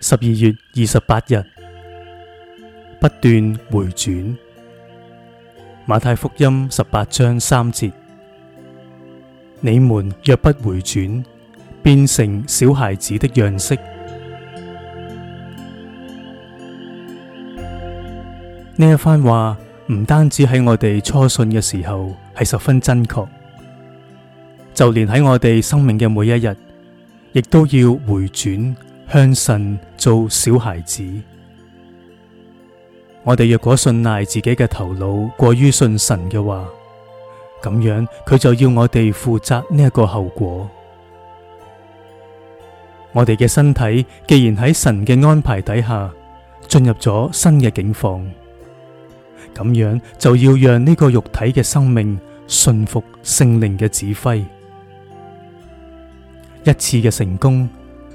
十二月二十八日，不斷回轉。馬太福音十八章三節：你們若不回轉，變成小孩子的樣式，呢一番話唔單止喺我哋初信嘅時候係十分真確，就連喺我哋生命嘅每一日，亦都要回轉。向神做小孩子，我哋若果信賴自己嘅頭腦，過於信神嘅話，咁樣佢就要我哋負責呢一個後果。我哋嘅身體既然喺神嘅安排底下進入咗新嘅境況，咁樣就要讓呢個肉體嘅生命順服聖靈嘅指揮。一次嘅成功。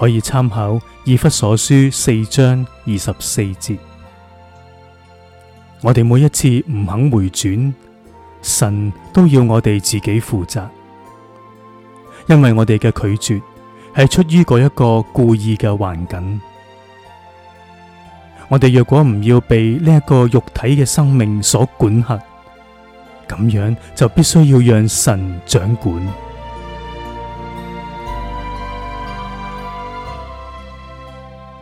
可以參考《以弗所書》四章二十四節。我哋每一次唔肯回轉，神都要我哋自己負責，因為我哋嘅拒絕係出於嗰一個故意嘅環境。我哋若果唔要被呢一個肉體嘅生命所管轄，咁樣就必須要讓神掌管。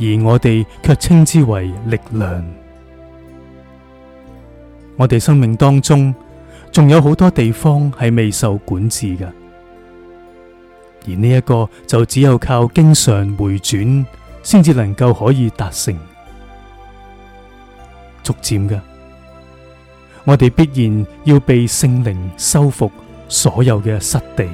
而我哋卻稱之為力量。我哋生命當中仲有好多地方係未受管治嘅，而呢一個就只有靠經常回轉，先至能夠可以達成。逐漸嘅，我哋必然要被聖靈收復所有嘅失地。